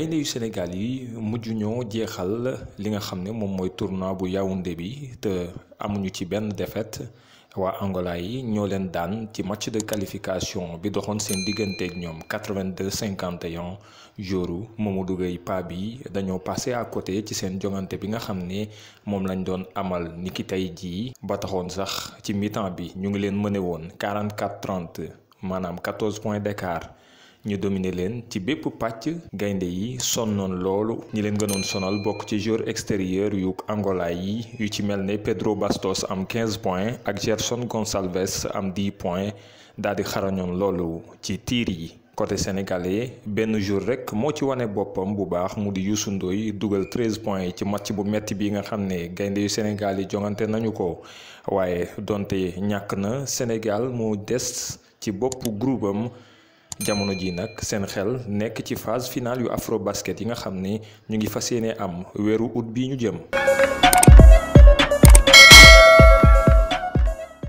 gaynde yu Sénégal yi mujj ñoo jeexal li nga xam ne moom mooy tournoi bu Yaoundé bi te amuñu ci benn défaite waa Angola yi ñoo leen daan ci match de qualification bi doxoon seen diggante ak ñoom 82 51 jouru Mamadou Gueye pa bi dañoo passé à côté ci seen jongante bi nga xam ne moom lañ doon amal niki tey jii ba taxoon sax ci mi-temps bi ñu ngi leen mëne woon 44 30 maanaam 14 points d'écart ñu dominer leen ci bépp pàcc gaynde yi sonnoon loolu ñi leen gënoon sonal bokk ci joueur extérieur yu Angola yi yu ci mel ni Pedro Bastos am 15 points ak Gerson Gonçalves am 10 points daal di xarañoon loolu ci tiir yi. côté sénégalais benn jour rek moo ci wane boppam bu baax mu di Youssou Ndoye dugal point yi ci match bu metti bi nga xam ne gaynde yu Sénégal yi jongante nañu ko waaye donte ñàkk na Sénégal moo des ci bopp groupe jamono ji nag seen xel nekk ci phase finale yu afro basket yi nga xam ni ñu ngi fa yéene am weeru ut bi ñu jëm.